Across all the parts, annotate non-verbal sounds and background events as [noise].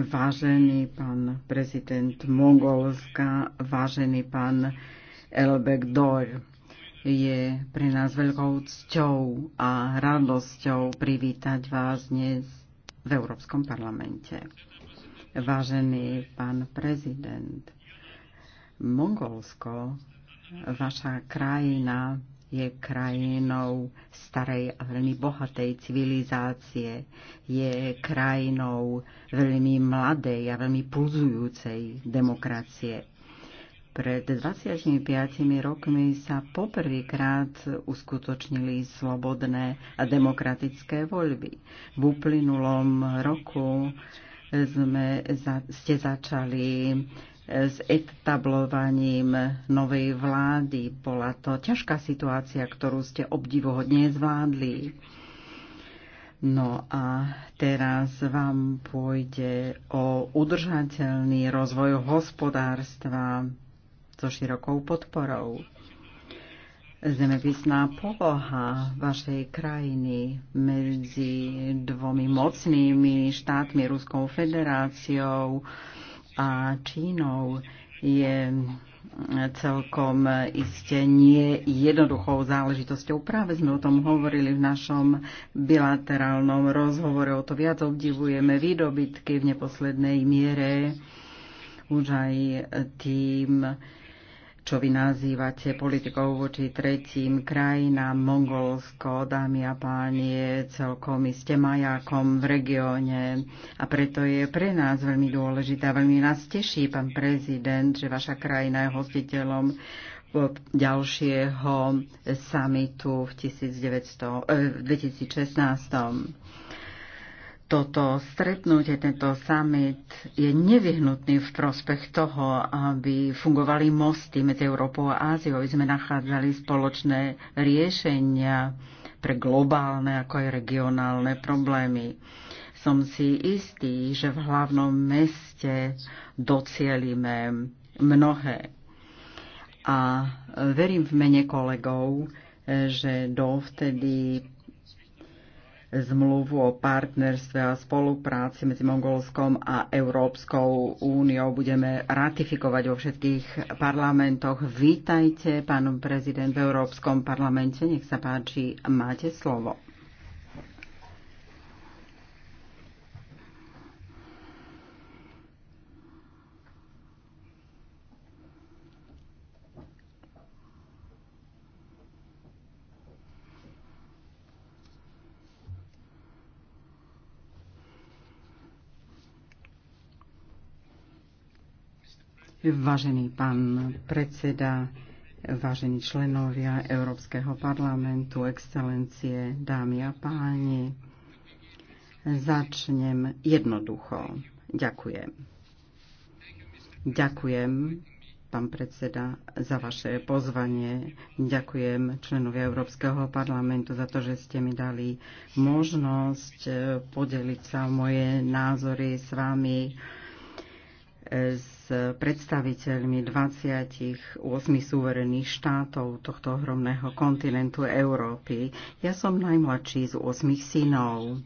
vážený pán prezident Mongolska, vážený pán Elbek Dor. Je pre nás veľkou cťou a radosťou privítať vás dnes v Európskom parlamente. Vážený pán prezident, Mongolsko, vaša krajina je krajinou starej a veľmi bohatej civilizácie, je krajinou veľmi mladej a veľmi pulzujúcej demokracie. Pred 25 rokmi sa poprvýkrát uskutočnili slobodné a demokratické voľby. V uplynulom roku sme, za, ste začali s etablovaním novej vlády. Bola to ťažká situácia, ktorú ste obdivohodne zvládli. No a teraz vám pôjde o udržateľný rozvoj hospodárstva so širokou podporou. Zemepisná poloha vašej krajiny medzi dvomi mocnými štátmi, Ruskou federáciou, a Čínou je celkom iste nie jednoduchou záležitosťou. Práve sme o tom hovorili v našom bilaterálnom rozhovore. O to viac obdivujeme výdobytky v neposlednej miere už aj tým, čo vy nazývate politikou voči tretím krajinám, Mongolsko, dámy a páni, je celkom iste majákom v regióne. A preto je pre nás veľmi dôležité a veľmi nás teší, pán prezident, že vaša krajina je hostiteľom ďalšieho samitu v 1900, eh, 2016 toto stretnutie, tento summit je nevyhnutný v prospech toho, aby fungovali mosty medzi Európou a Áziou, aby sme nachádzali spoločné riešenia pre globálne ako aj regionálne problémy. Som si istý, že v hlavnom meste docielime mnohé. A verím v mene kolegov, že dovtedy zmluvu o partnerstve a spolupráci medzi Mongolskom a Európskou úniou. Budeme ratifikovať vo všetkých parlamentoch. Vítajte, pán prezident, v Európskom parlamente. Nech sa páči, máte slovo. Vážený pán predseda, vážení členovia Európskeho parlamentu, excelencie, dámy a páni, začnem jednoducho. Ďakujem. Ďakujem, pán predseda, za vaše pozvanie. Ďakujem členovia Európskeho parlamentu za to, že ste mi dali možnosť eh, podeliť sa o moje názory s vami z eh, s predstaviteľmi 28 suverených štátov tohto ohromného kontinentu Európy. Ja som najmladší z 8 synov.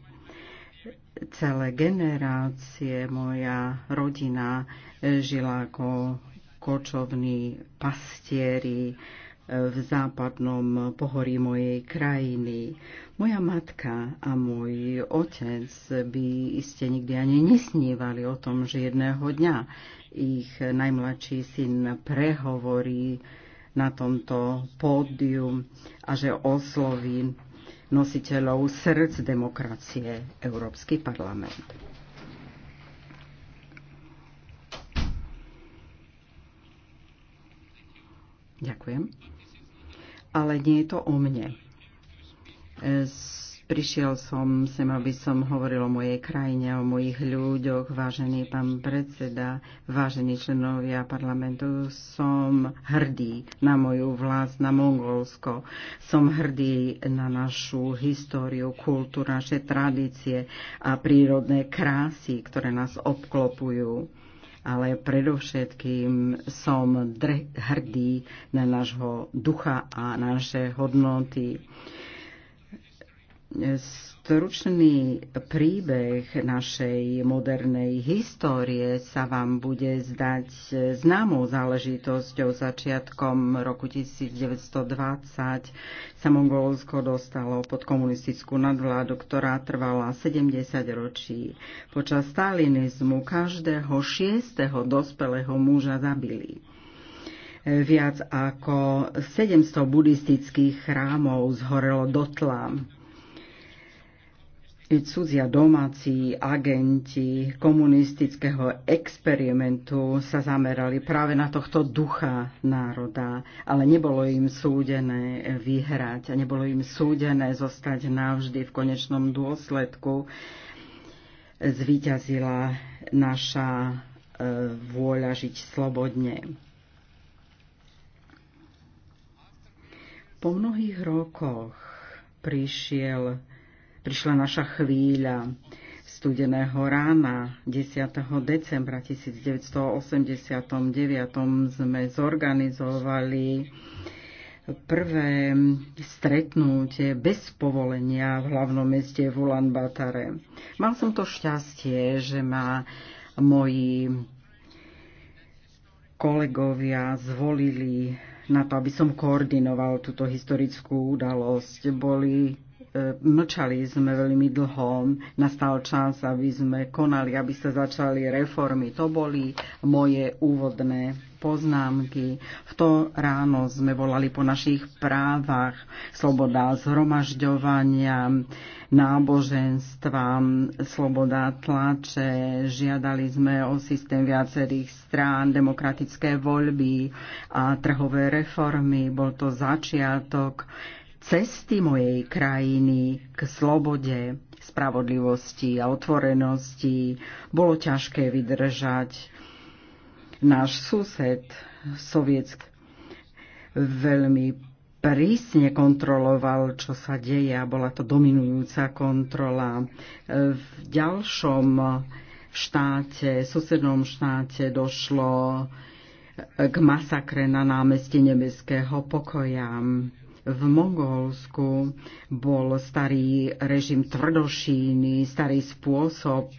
Celé generácie moja rodina žila ako kočovní pastieri, v západnom pohorí mojej krajiny. Moja matka a môj otec by iste nikdy ani nesnívali o tom, že jedného dňa ich najmladší syn prehovorí na tomto pódiu a že osloví nositeľov srdc demokracie Európsky parlament. Ďakujem ale nie je to o mne. E, prišiel som sem, aby som hovoril o mojej krajine, o mojich ľuďoch, vážený pán predseda, vážení členovia parlamentu. Som hrdý na moju vlast, na Mongolsko. Som hrdý na našu históriu, kultúru, naše tradície a prírodné krásy, ktoré nás obklopujú ale predovšetkým som hrdý na nášho ducha a naše hodnoty stručný príbeh našej modernej histórie sa vám bude zdať známou záležitosťou začiatkom roku 1920 sa Mongolsko dostalo pod komunistickú nadvládu, ktorá trvala 70 ročí. Počas stalinizmu každého šiestého dospelého muža zabili viac ako 700 buddhistických chrámov zhorelo do cudzia domáci agenti komunistického experimentu sa zamerali práve na tohto ducha národa, ale nebolo im súdené vyhrať a nebolo im súdené zostať navždy v konečnom dôsledku. Zvíťazila naša e, vôľa žiť slobodne. Po mnohých rokoch prišiel prišla naša chvíľa studeného rána 10. decembra 1989 sme zorganizovali prvé stretnutie bez povolenia v hlavnom meste v Ulan Batare. Mal som to šťastie, že ma moji kolegovia zvolili na to, aby som koordinoval túto historickú udalosť. Boli mlčali sme veľmi dlho, nastal čas, aby sme konali, aby sa začali reformy. To boli moje úvodné poznámky. V to ráno sme volali po našich právach, sloboda zhromažďovania, náboženstva, sloboda tlače, žiadali sme o systém viacerých strán, demokratické voľby a trhové reformy. Bol to začiatok cesty mojej krajiny k slobode, spravodlivosti a otvorenosti bolo ťažké vydržať. Náš sused, sovietsk, veľmi prísne kontroloval, čo sa deje a bola to dominujúca kontrola. V ďalšom štáte, susednom štáte došlo k masakre na námestí nebeského pokoja v Mongolsku bol starý režim tvrdošíny, starý spôsob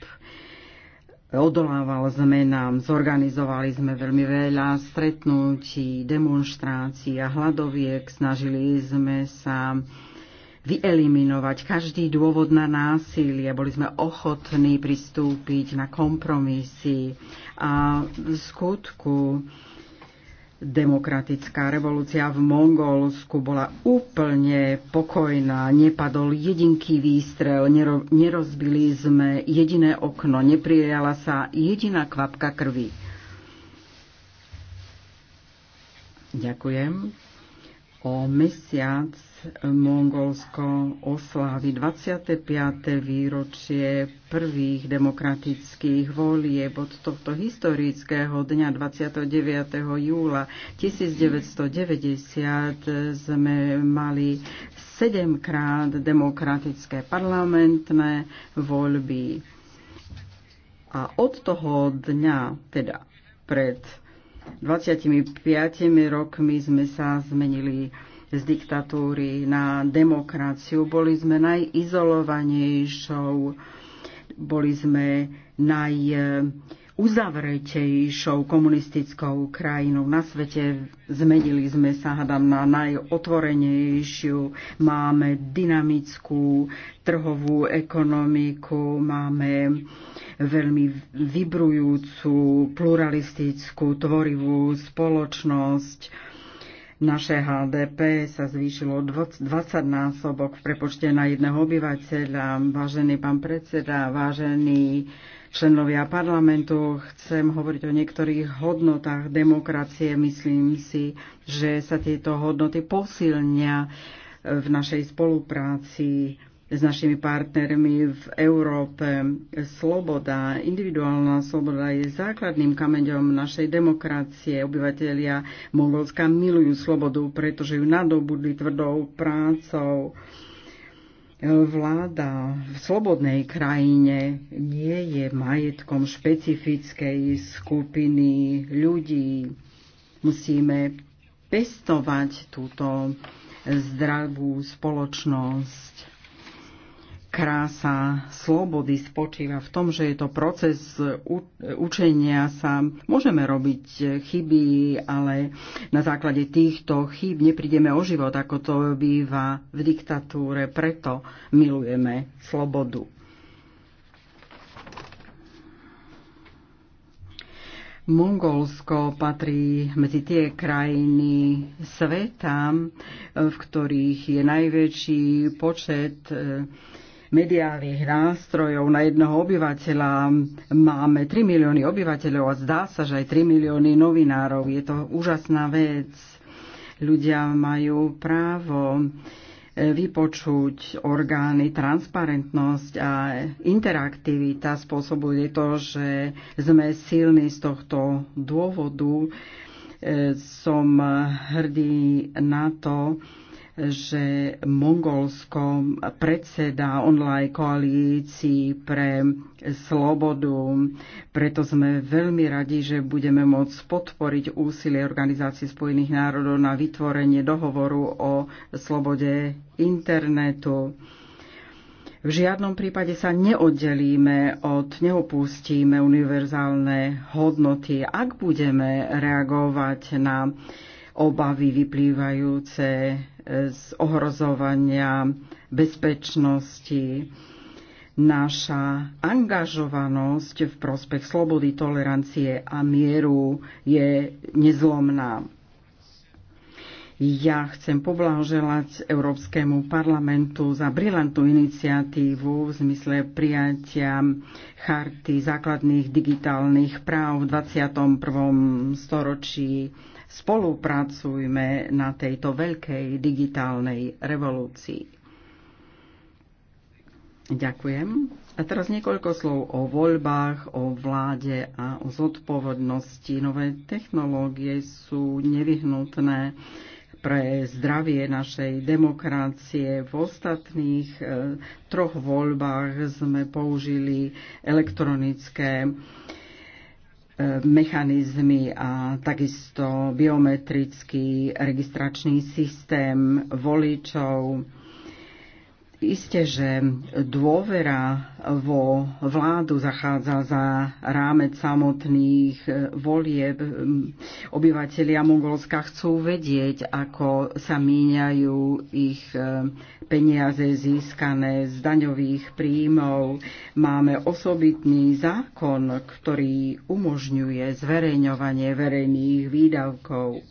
odolával zmenám, zorganizovali sme veľmi veľa stretnutí, demonstrácií a hladoviek, snažili sme sa vyeliminovať každý dôvod na násilie, boli sme ochotní pristúpiť na kompromisy a v skutku demokratická revolúcia v Mongolsku bola úplne pokojná, nepadol jedinký výstrel, nerozbili sme jediné okno, neprijala sa jediná kvapka krvi. Ďakujem. O mesiac Mongolsko oslávi 25. výročie prvých demokratických volieb od tohto historického dňa 29. júla 1990 sme mali sedemkrát demokratické parlamentné voľby. A od toho dňa, teda pred 25 rokmi sme sa zmenili z diktatúry na demokraciu. Boli sme najizolovanejšou, boli sme naj uzavretejšou komunistickou krajinou na svete. Zmenili sme sa, hádam, na najotvorenejšiu. Máme dynamickú trhovú ekonomiku, máme veľmi vybrujúcu, pluralistickú, tvorivú spoločnosť. Naše HDP sa zvýšilo 20 násobok v prepočte na jedného obyvateľa. Vážený pán predseda, vážený členovia parlamentu. Chcem hovoriť o niektorých hodnotách demokracie. Myslím si, že sa tieto hodnoty posilnia v našej spolupráci s našimi partnermi v Európe. Sloboda, individuálna sloboda je základným kameňom našej demokracie. Obyvatelia Mongolska milujú slobodu, pretože ju nadobudli tvrdou prácou vláda v slobodnej krajine nie je majetkom špecifickej skupiny ľudí. Musíme pestovať túto zdravú spoločnosť krása slobody spočíva v tom, že je to proces učenia sa. Môžeme robiť chyby, ale na základe týchto chyb neprídeme o život, ako to býva v diktatúre. Preto milujeme slobodu. Mongolsko patrí medzi tie krajiny sveta, v ktorých je najväčší počet eh, mediálnych nástrojov na jednoho obyvateľa. Máme 3 milióny obyvateľov a zdá sa, že aj 3 milióny novinárov. Je to úžasná vec. Ľudia majú právo e, vypočuť orgány, transparentnosť a interaktivita spôsobuje to, že sme silní z tohto dôvodu. E, som hrdý na to, že Mongolsko predseda online koalícii pre slobodu. Preto sme veľmi radi, že budeme môcť podporiť úsilie Organizácie spojených národov na vytvorenie dohovoru o slobode internetu. V žiadnom prípade sa neoddelíme od, neopustíme univerzálne hodnoty. Ak budeme reagovať na obavy vyplývajúce e, z ohrozovania bezpečnosti, naša angažovanosť v prospech slobody, tolerancie a mieru je nezlomná. Ja chcem poblahoželať Európskemu parlamentu za brilantnú iniciatívu v zmysle prijatia charty základných digitálnych práv v 21. storočí Spolupracujme na tejto veľkej digitálnej revolúcii. Ďakujem. A teraz niekoľko slov o voľbách, o vláde a o zodpovednosti. Nové technológie sú nevyhnutné pre zdravie našej demokracie. V ostatných eh, troch voľbách sme použili elektronické mechanizmy a takisto biometrický registračný systém voličov Isté, že dôvera vo vládu zachádza za rámec samotných e, volieb. Obyvatelia Mongolska chcú vedieť, ako sa míňajú ich e, peniaze získané z daňových príjmov. Máme osobitný zákon, ktorý umožňuje zverejňovanie verejných výdavkov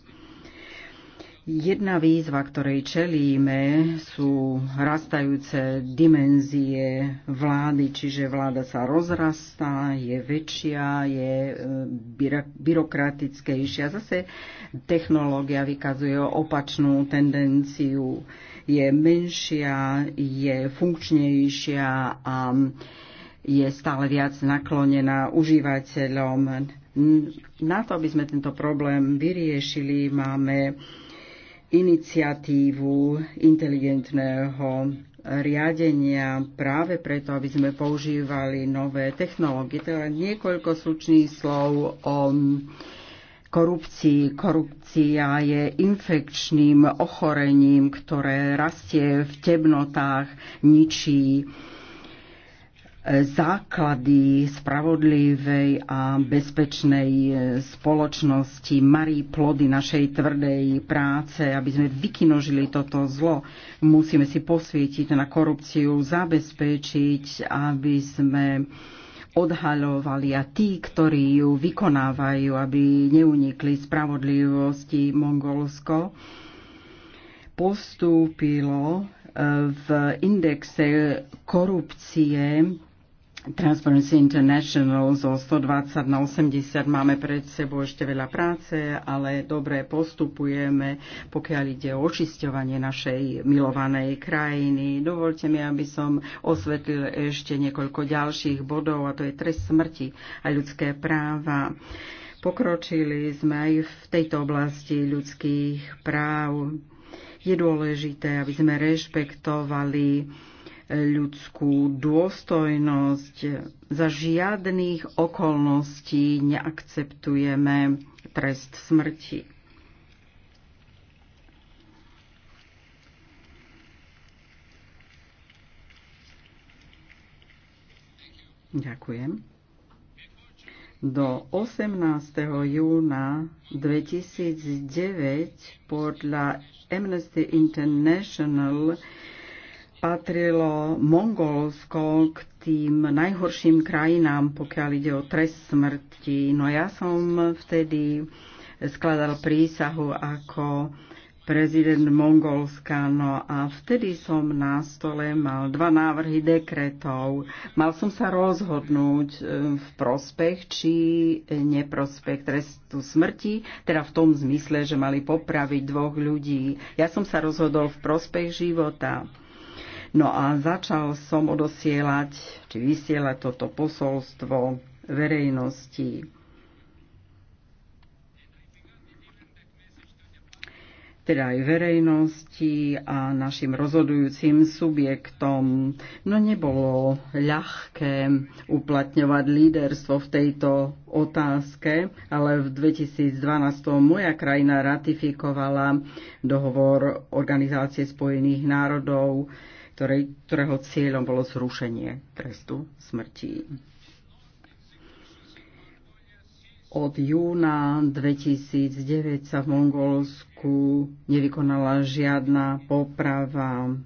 Jedna výzva, ktorej čelíme, sú rastajúce dimenzie vlády, čiže vláda sa rozrastá, je väčšia, je e, byrokratickejšia. Zase technológia vykazuje opačnú tendenciu, je menšia, je funkčnejšia a je stále viac naklonená užívateľom. Na to, aby sme tento problém vyriešili, máme iniciatívu inteligentného riadenia práve preto, aby sme používali nové technológie. To teda je niekoľko slučných slov o korupcii. Korupcia je infekčným ochorením, ktoré rastie v temnotách, ničí základy spravodlivej a bezpečnej e, spoločnosti, marí plody našej tvrdej práce, aby sme vykinožili toto zlo. Musíme si posvietiť na korupciu, zabezpečiť, aby sme odhaľovali a tí, ktorí ju vykonávajú, aby neunikli spravodlivosti Mongolsko, postúpilo e, v indexe korupcie Transparency International zo 120 na 80 máme pred sebou ešte veľa práce, ale dobre postupujeme, pokiaľ ide o očisťovanie našej milovanej krajiny. Dovolte mi, aby som osvetlil ešte niekoľko ďalších bodov, a to je trest smrti a ľudské práva. Pokročili sme aj v tejto oblasti ľudských práv. Je dôležité, aby sme rešpektovali ľudskú dôstojnosť. Za žiadnych okolností neakceptujeme trest smrti. Ďakujem. Do 18. júna 2009 podľa Amnesty International patrilo Mongolsko k tým najhorším krajinám, pokiaľ ide o trest smrti. No ja som vtedy skladal prísahu ako prezident Mongolska. No a vtedy som na stole mal dva návrhy dekretov. Mal som sa rozhodnúť e, v prospech či neprospech trestu smrti, teda v tom zmysle, že mali popraviť dvoch ľudí. Ja som sa rozhodol v prospech života. No a začal som odosielať, či vysielať toto posolstvo verejnosti. teda aj verejnosti a našim rozhodujúcim subjektom. No nebolo ľahké uplatňovať líderstvo v tejto otázke, ale v 2012 moja krajina ratifikovala dohovor Organizácie spojených národov ktorej, ktorého cieľom bolo zrušenie trestu smrti. Od júna 2009 sa v Mongolsku nevykonala žiadna poprava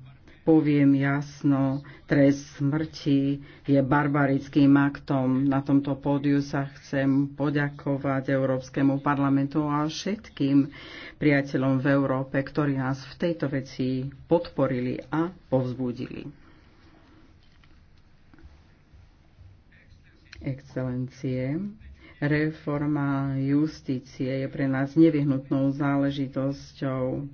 poviem jasno, trest smrti je barbarickým aktom. Na tomto pódiu sa chcem poďakovať Európskemu parlamentu a všetkým priateľom v Európe, ktorí nás v tejto veci podporili a povzbudili. Excelencie, reforma justície je pre nás nevyhnutnou záležitosťou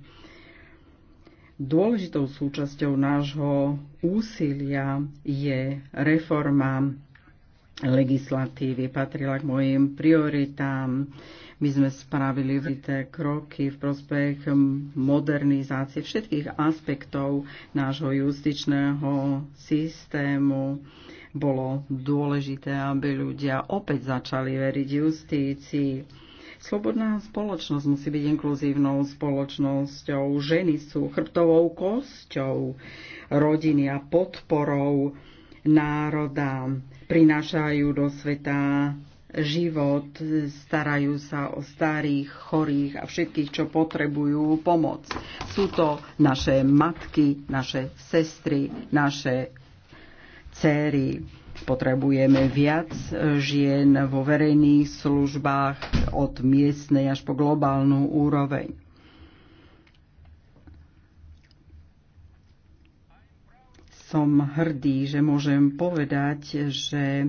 Dôležitou súčasťou nášho úsilia je reforma legislatívy. Patrila k mojim prioritám. My sme spravili vité kroky v prospech modernizácie všetkých aspektov nášho justičného systému bolo dôležité, aby ľudia opäť začali veriť justícii. Slobodná spoločnosť musí byť inkluzívnou spoločnosťou. Ženy sú chrbtovou kosťou rodiny a podporou národa. Prinášajú do sveta život, starajú sa o starých, chorých a všetkých, čo potrebujú pomoc. Sú to naše matky, naše sestry, naše céry Potrebujeme viac žien vo verejných službách od miestnej až po globálnu úroveň. Som hrdý, že môžem povedať, že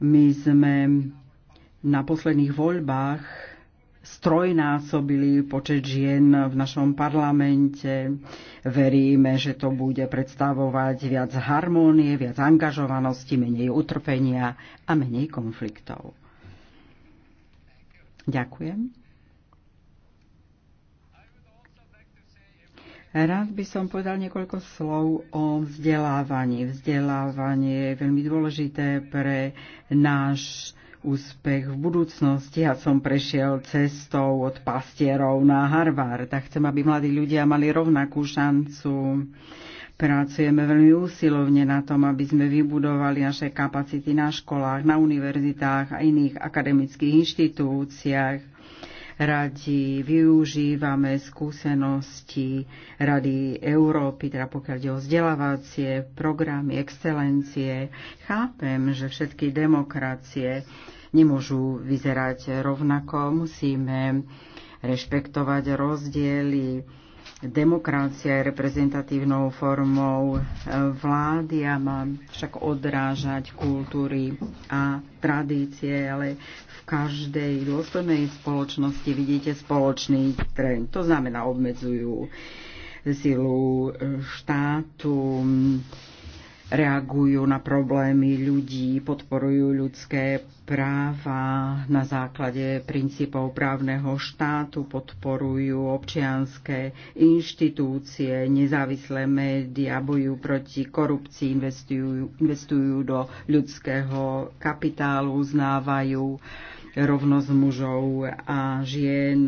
my sme na posledných voľbách strojnásobili počet žien v našom parlamente. Veríme, že to bude predstavovať viac harmónie, viac angažovanosti, menej utrpenia a menej konfliktov. Ďakujem. Rád by som povedal niekoľko slov o vzdelávaní. Vzdelávanie je veľmi dôležité pre náš úspech v budúcnosti. Ja som prešiel cestou od pastierov na Harvard a chcem, aby mladí ľudia mali rovnakú šancu. Pracujeme veľmi úsilovne na tom, aby sme vybudovali naše kapacity na školách, na univerzitách a iných akademických inštitúciách radi využívame skúsenosti Rady Európy, teda pokiaľ ide o vzdelávacie programy, excelencie. Chápem, že všetky demokracie nemôžu vyzerať rovnako, musíme rešpektovať rozdiely, Demokracia je reprezentatívnou formou e, vlády a má však odrážať kultúry a tradície, ale v každej dôstojnej spoločnosti vidíte spoločný trend. To znamená, obmedzujú silu e, štátu, reagujú na problémy ľudí, podporujú ľudské práva na základe princípov právneho štátu, podporujú občianské inštitúcie, nezávislé médiá, bojujú proti korupcii, investujú, investujú do ľudského kapitálu, uznávajú rovnosť mužov a žien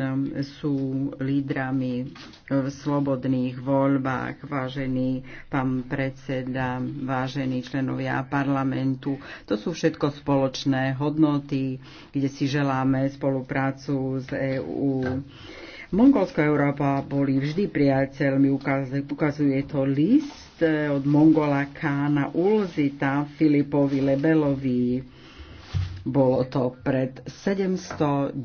sú lídrami v slobodných voľbách, vážený pán predseda, vážení členovia parlamentu. To sú všetko spoločné hodnoty, kde si želáme spoluprácu s EÚ. Mongolsko a Európa boli vždy priateľmi, ukazuje to list od Mongola Kána Ulzita Filipovi Lebelovi bolo to pred 710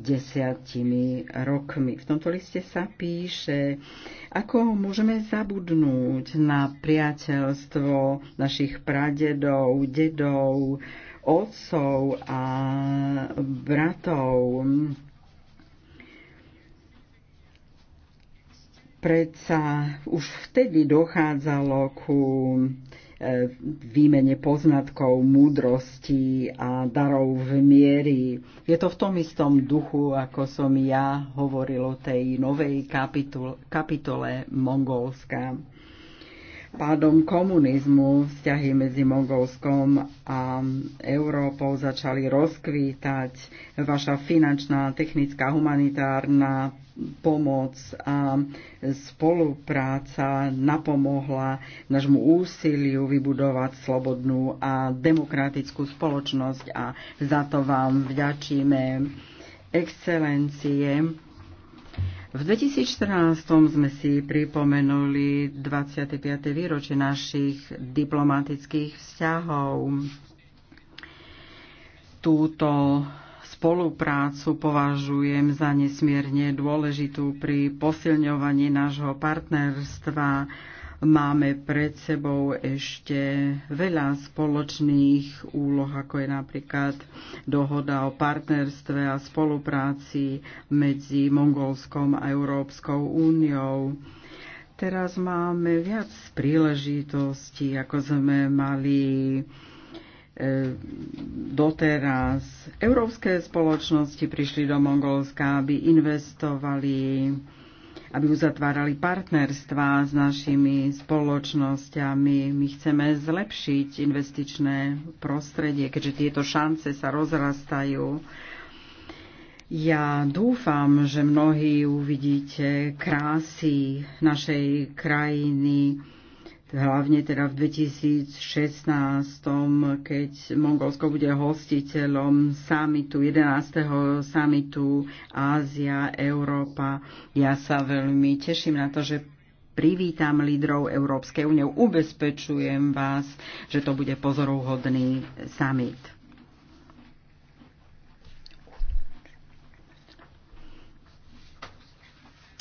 rokmi. V tomto liste sa píše, ako môžeme zabudnúť na priateľstvo našich pradedov, dedov, otcov a bratov. Predsa už vtedy dochádzalo ku E, výmene poznatkov, múdrosti a darov v miery. Je to v tom istom duchu, ako som ja hovoril o tej novej kapitul- kapitole Mongolska. Pádom komunizmu vzťahy medzi Mongolskom a Európou začali rozkvítať. Vaša finančná, technická, humanitárna pomoc a spolupráca napomohla nášmu úsiliu vybudovať slobodnú a demokratickú spoločnosť a za to vám vďačíme excelencie. V 2014 sme si pripomenuli 25. výročie našich diplomatických vzťahov. Túto Spoluprácu považujem za nesmierne dôležitú pri posilňovaní nášho partnerstva. Máme pred sebou ešte veľa spoločných úloh, ako je napríklad dohoda o partnerstve a spolupráci medzi Mongolskom a Európskou úniou. Teraz máme viac príležitostí, ako sme mali doteraz európske spoločnosti prišli do Mongolska, aby investovali, aby uzatvárali partnerstva s našimi spoločnosťami. My chceme zlepšiť investičné prostredie, keďže tieto šance sa rozrastajú. Ja dúfam, že mnohí uvidíte krásy našej krajiny, hlavne teda v 2016, keď Mongolsko bude hostiteľom samitu, 11. samitu Ázia, Európa. Ja sa veľmi teším na to, že privítam lídrov Európskej únie. Ubezpečujem vás, že to bude pozoruhodný summit.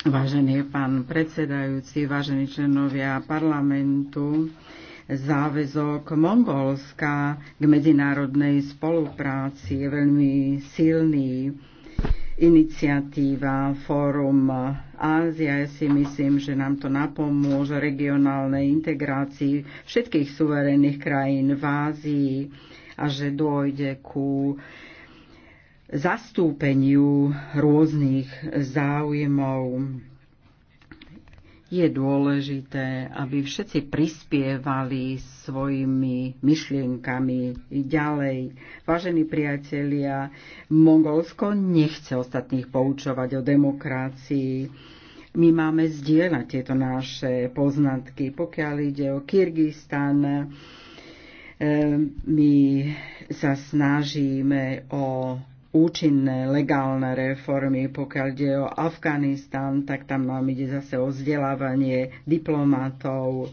Vážený pán predsedajúci, vážení členovia parlamentu, záväzok Mongolska k medzinárodnej spolupráci je veľmi silný. Iniciatíva Fórum Ázia, ja si myslím, že nám to napomôže regionálnej integrácii všetkých suverénnych krajín v Ázii a že dôjde ku zastúpeniu rôznych záujmov. Je dôležité, aby všetci prispievali svojimi myšlienkami ďalej. Vážení priatelia, Mongolsko nechce ostatných poučovať o demokracii. My máme zdieľať tieto naše poznatky. Pokiaľ ide o Kyrgyzstan, e, my sa snažíme o účinné legálne reformy, pokiaľ ide o Afganistan, tak tam nám ide zase o vzdelávanie diplomatov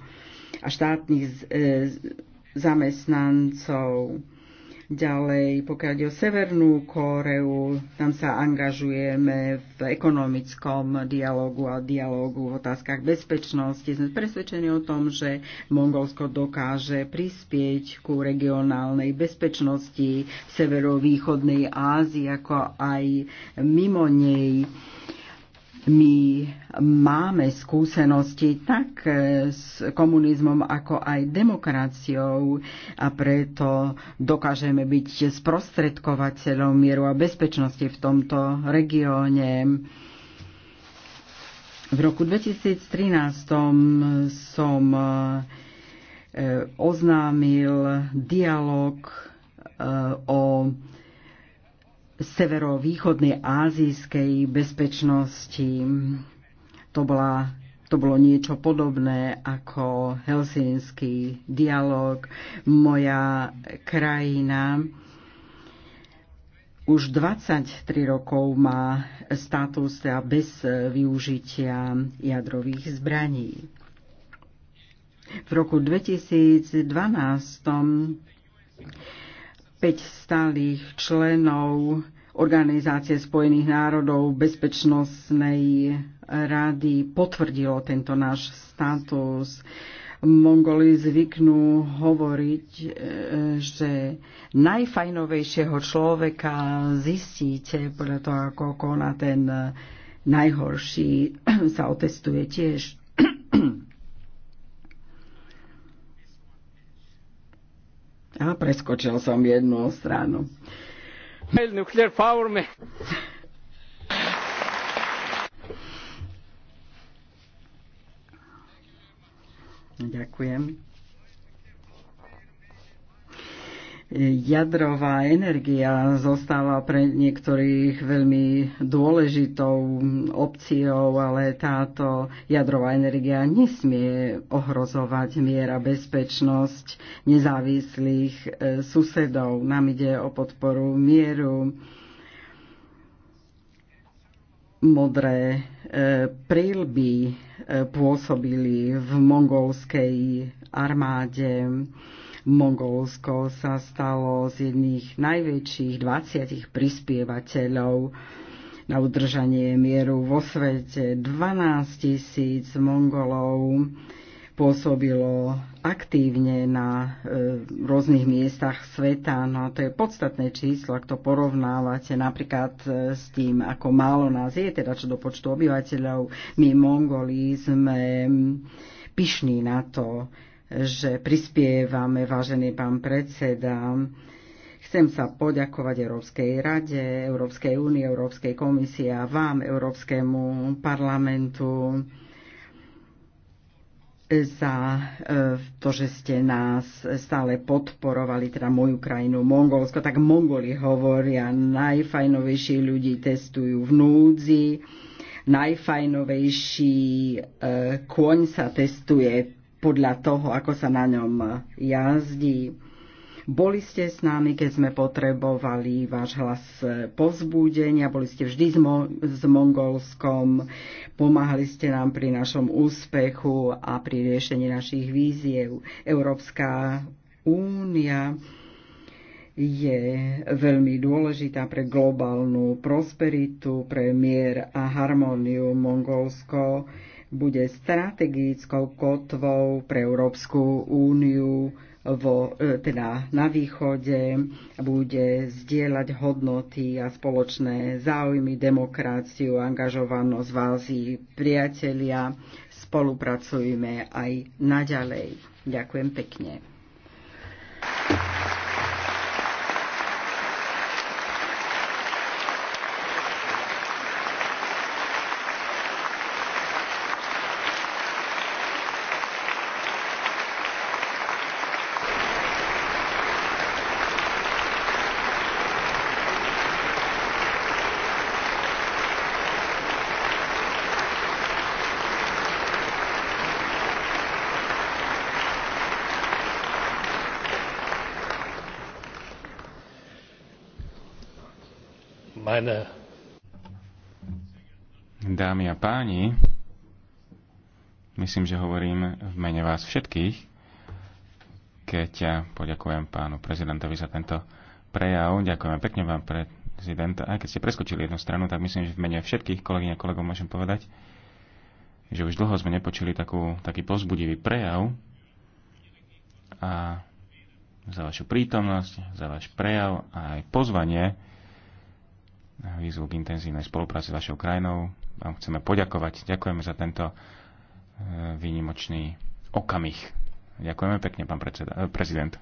a štátnych e, zamestnancov. Ďalej, pokiaľ ide o Severnú Kóreu, tam sa angažujeme v ekonomickom dialogu a dialogu v otázkach bezpečnosti. Sme presvedčení o tom, že Mongolsko dokáže prispieť ku regionálnej bezpečnosti v severovýchodnej Ázii, ako aj mimo nej. My máme skúsenosti tak eh, s komunizmom, ako aj demokraciou a preto dokážeme byť sprostredkovateľom mieru a bezpečnosti v tomto regióne. V roku 2013 som eh, oznámil dialog eh, o severovýchodnej ázijskej bezpečnosti. To, bola, to bolo niečo podobné ako helsínsky dialog. Moja krajina už 23 rokov má status a bez využitia jadrových zbraní. V roku 2012 5 stálych členov Organizácie spojených národov Bezpečnostnej rady potvrdilo tento náš status. Mongoli zvyknú hovoriť, e, že najfajnovejšieho človeka zistíte podľa toho, ako koná ten najhorší, [clears throat] sa otestuje tiež. A preskočil som jednu stranu. Nuclear power me. Ďakujem. jadrová energia zostáva pre niektorých veľmi dôležitou opciou, ale táto jadrová energia nesmie ohrozovať miera bezpečnosť nezávislých e, susedov. Nám ide o podporu mieru modré e, prílby e, pôsobili v mongolskej armáde Mongolsko sa stalo z jedných najväčších 20 prispievateľov na udržanie mieru vo svete. 12 tisíc Mongolov pôsobilo aktívne na e, rôznych miestach sveta. No to je podstatné číslo, ak to porovnávate napríklad e, s tým, ako málo nás je, teda čo do počtu obyvateľov. My Mongoli sme pyšní na to, že prispievame, vážený pán predseda. Chcem sa poďakovať Európskej rade, Európskej únie, Európskej komisie a vám, Európskemu parlamentu za e, to, že ste nás stále podporovali, teda moju krajinu, Mongolsko, tak Mongoli hovoria, najfajnovejší ľudí testujú v núdzi, najfajnovejší e, kôň sa testuje podľa toho, ako sa na ňom eh, jazdí. Boli ste s nami, keď sme potrebovali váš hlas eh, pozbúdenia, boli ste vždy s, Mo- s Mongolskom, pomáhali ste nám pri našom úspechu a pri riešení našich víziev. Európska únia je veľmi dôležitá pre globálnu prosperitu, pre mier a harmóniu. Mongolsko bude strategickou kotvou pre Európsku úniu vo, e, teda na východe, bude zdieľať hodnoty a spoločné záujmy, demokraciu, angažovanosť v Ázii, priatelia, spolupracujme aj naďalej. Ďakujem pekne. meine Dámy a páni, myslím, že hovorím v mene vás všetkých, keď ja poďakujem pánu prezidentovi za tento prejav. Ďakujem pekne vám, prezident. Aj keď ste preskočili jednu stranu, tak myslím, že v mene všetkých kolegyň a kolegov môžem povedať, že už dlho sme nepočuli takú, taký pozbudivý prejav a za vašu prítomnosť, za váš prejav a aj pozvanie výzvu k intenzívnej spolupráci s vašou krajinou. Vám chceme poďakovať. Ďakujeme za tento e, výnimočný okamih. Ďakujeme pekne, pán predseda, e, prezident.